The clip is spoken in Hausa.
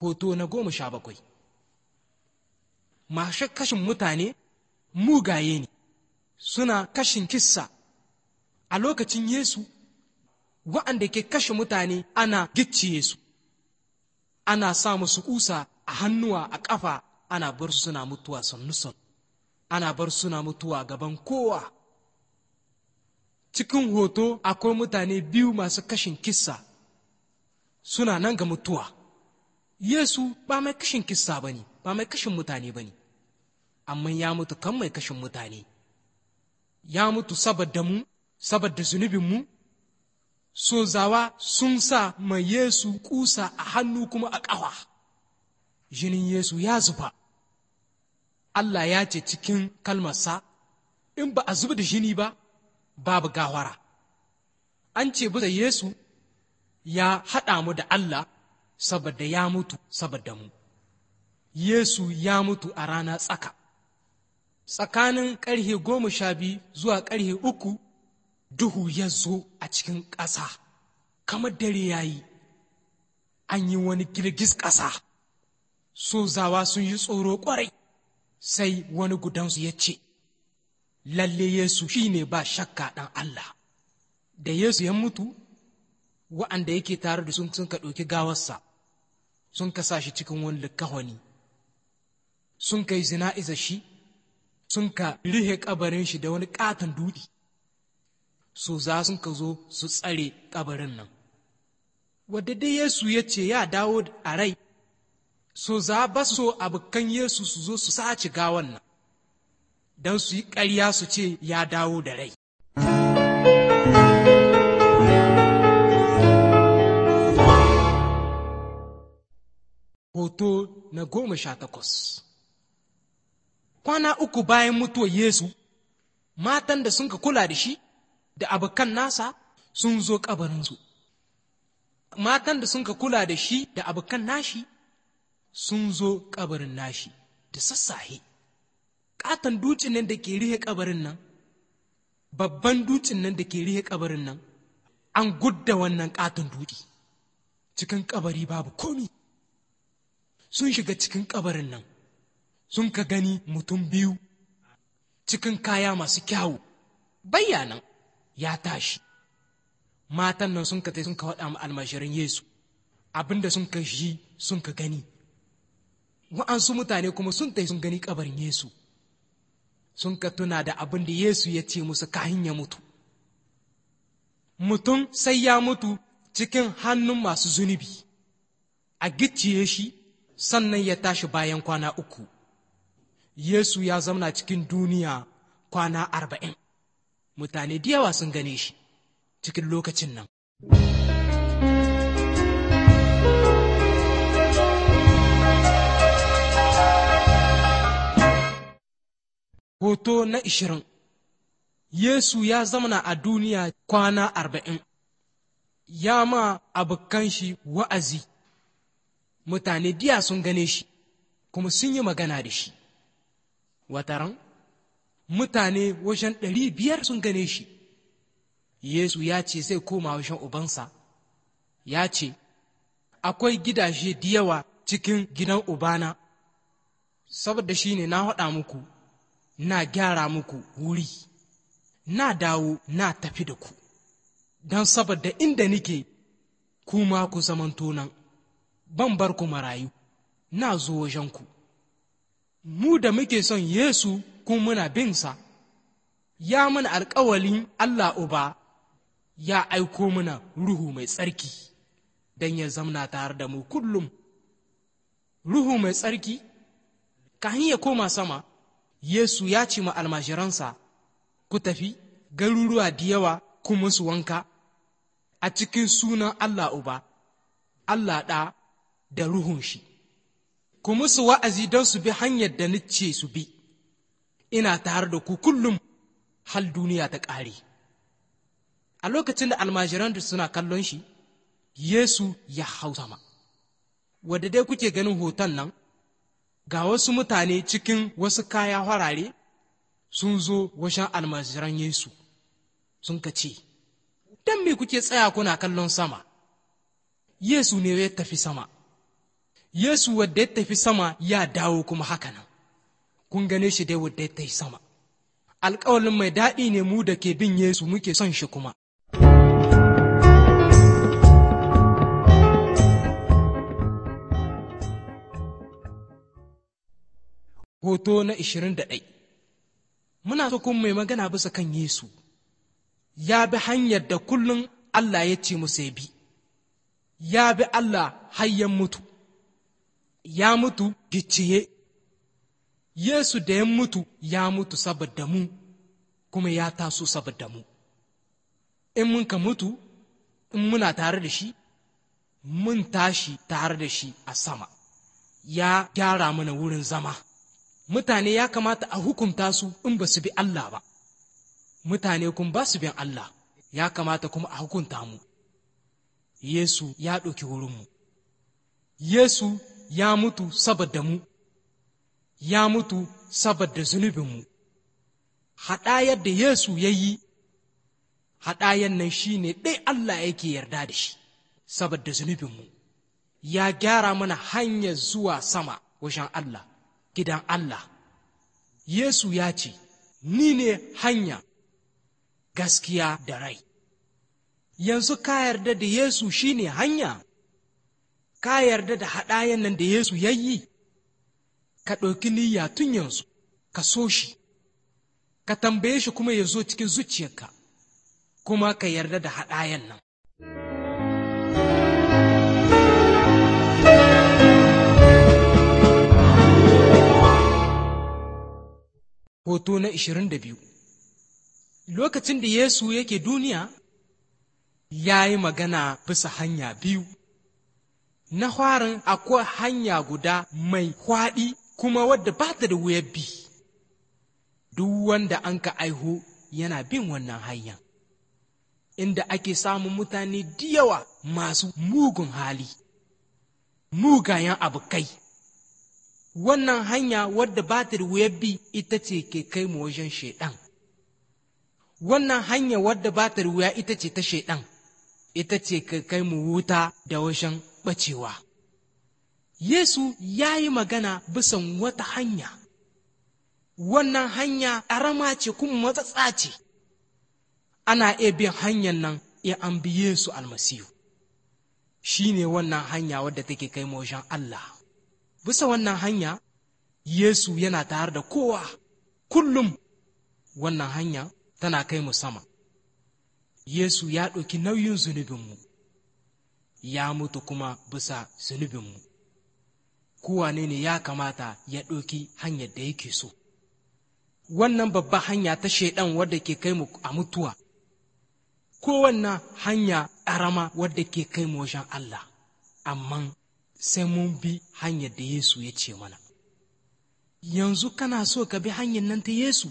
hoto na goma sha bakwai masu kashin mutane mugaye ne suna kashin kissa a lokacin yesu wa'anda ke kashe mutane ana gicciye su ana sa musu kusa a hannuwa a ƙafa ana bar suna mutuwa sannusan ana bar suna mutuwa gaban kowa cikin hoto akwai mutane biyu masu kashin kissa suna nan ga mutuwa Yesu ba mai kashin kissa ba ne, ba mai kashin mutane ba ne, amma ya mutu kan mai kashin mutane. Ya mutu saboda mu, saboda zunubinmu, sozawa sun sa mai Yesu kusa a hannu kuma a ƙawa. Jinin Yesu ya zuba. Allah ya ce cikin kalmarsa, in ba a zuba da jini ba, babu gawara. An ce bisa Yesu ya haɗa mu da Allah saboda ya mutu saboda mu yesu ya mutu a rana tsaka tsakanin ƙarhe goma sha biyu zuwa ƙarhe uku duhu ya zo a cikin ƙasa kamar dare ya yi an yi wani girgis ƙasa sozawa sun yi tsoro ƙwarai sai wani gudansu ya ce lalle yesu shi ne ba shakka ɗan allah da yesu ya mutu wa'anda yake tare da sun ka ɗauki gawarsa sun ka sa shi cikin wani likahoni sun kai yi zina'iza shi sun ka rihe kabarin shi da wani katon duɗi. so za sun ka zo su tsare kabarin nan wadda dai yesu ya ce ya dawo a rai so za ba so abokan yesu su zo su sace gawan nan don su yi ƙarya su ce ya dawo da rai Hoto na goma sha takwas. Kwana uku bayan mutuwar Yesu, matan da sun ka kula da shi, da abokan nasa sun zo kabarinsu. Matan da sun ka kula da shi da abokan nashi sun zo kabarin nashi da sassahe. Ƙaton dutsen nan da ke rihe kabarin nan, babban dutsen nan da ke rihe kabarin nan, an gudda wannan ƙaton dutse. Cikin kabari babu komi. sun shiga cikin kabarin nan sun ka gani mutum biyu cikin kaya masu kyawu bayyanan ya tashi matan nan sun ka sun ka waɗa almashirin yesu abinda sun ka shi sun ka gani wa'ansu mutane kuma sun ta sun gani kabarin yesu sun ka tuna da abin da yesu ya ce musu kahin ya mutu mutum sai ya mutu cikin hannun masu zunubi a gicciye shi sannan ya tashi bayan kwana uku yesu ya zauna cikin duniya kwana arba'in mutane diyawa sun gane shi cikin lokacin nan Hoto na ishirin Yesu ya zamana a duniya kwana arba'in, ya ma abokan shi wa'azi mutane diya sun gane shi kuma sun yi magana da shi wataran mutane wajen ɗari biyar sun gane shi yesu ya ce zai koma wajen ubansa ya ce akwai gidaje da yawa cikin gidan ubana saboda shi ne na haɗa muku na gyara muku wuri na dawo na tafi da ku don saboda inda nike kuma ku zamanto nan ban bar ku marayu na zo wajenku mu da muke son yesu kuma muna bin sa ya mana alkawalin allah uba ya aiko mana ruhu mai tsarki don ya zamna tare da mu kullum ruhu mai tsarki kahin ya koma sama yesu ya ci ma almashiransa ku tafi garuruwa da yawa kuma su wanka a cikin sunan allah uba allah ɗa da ruhun shi ku musu wa'azi don su bi hanyar da nice su bi ina tare da ku kullum hal duniya ta ƙare a lokacin da almajiran da suna kallon shi yesu ya hau sama wadda dai kuke ganin hoton nan ga wasu mutane cikin wasu kaya farare. sun zo washen almajiran yesu sun ka ce don me kuke tsaya kuna kallon sama yesu ne ya tafi sama Yesu wadda ya tafi sama ya dawo kuma haka nan, kun gane shi dai wadda ya tafi sama. Alƙawalin mai daɗi ne mu da ke bin Yesu muke son shi kuma. Hoto na ishirin da ɗai Muna so kuma mai magana bisa kan Yesu, ya bi hanyar da kullum Allah ya ce musa bi, ya bi Allah hayyan mutu. ya mutu gicciye Yesu da ya mutu ya mutu saboda mu kuma ya taso saboda mu in mun ka mutu in muna tare da shi mun tashi tare da shi a sama ya gyara mana wurin zama mutane ya kamata a hukunta su in ba su bi Allah ba mutane kun ba su bin Allah ya kamata kuma a hukunta mu Yesu ya ɗauki wurinmu Yesu ya mutu saboda mu ya mutu saboda zunubinmu haɗayar da yesu ya yi haɗayan nan shi ne ɗai allah yake yarda da shi saboda zunubinmu ya gyara mana hanyar zuwa sama wajen allah gidan allah yesu ya ce ni ne hanya gaskiya da rai yanzu ka yarda da yesu shi ne hanya ka yarda da haɗayen nan da Yesu ya yi, ka ɗauki niyya tun yanzu, ka so shi, ka tambaye shi kuma ya zo cikin zuciyarka, kuma ka yarda da haɗayen nan. Hoto na biyu. Lokacin da Yesu yake duniya, ya yi magana bisa hanya biyu. na farin akwai hanya guda mai kwaɗi kuma wadda ba ta da wuyar bi duk wanda an ka aihu yana bin wannan hanya inda ake samun mutane diyawa masu mugun hali mugayen abu kai wannan hanya wadda ba ta da wuyar bi ita ce ke kai mu wajen shaidan wannan hanya wadda ba ta da wuya ita ce ta shaiɗan ita ce ke kai mu wuta da wajen ɓacewa. Yesu ya yi magana bisan wata hanya, wannan hanya ƙarama ce kuma matsatsa ce, ana iya bin hanyar nan ya an bi Yesu almasihu. Shi ne wannan hanya wadda take kai moshin Allah. Bisa wannan hanya, Yesu yana tare da kowa, kullum wannan hanya tana kai mu sama. Yesu ya ɗauki nauyin zunubinmu. ya mutu kuma bisa zunubinmu kowane ne ya kamata ya ɗauki hanyar da yake so wannan babba hanya ta shaidan wadda ke kai mu a mutuwa ko wannan hanya ƙarama wadda ke kai mu wajen Allah amma sai mun bi hanyar da Yesu ya ce mana yanzu kana so ka bi hanyar nan ta Yesu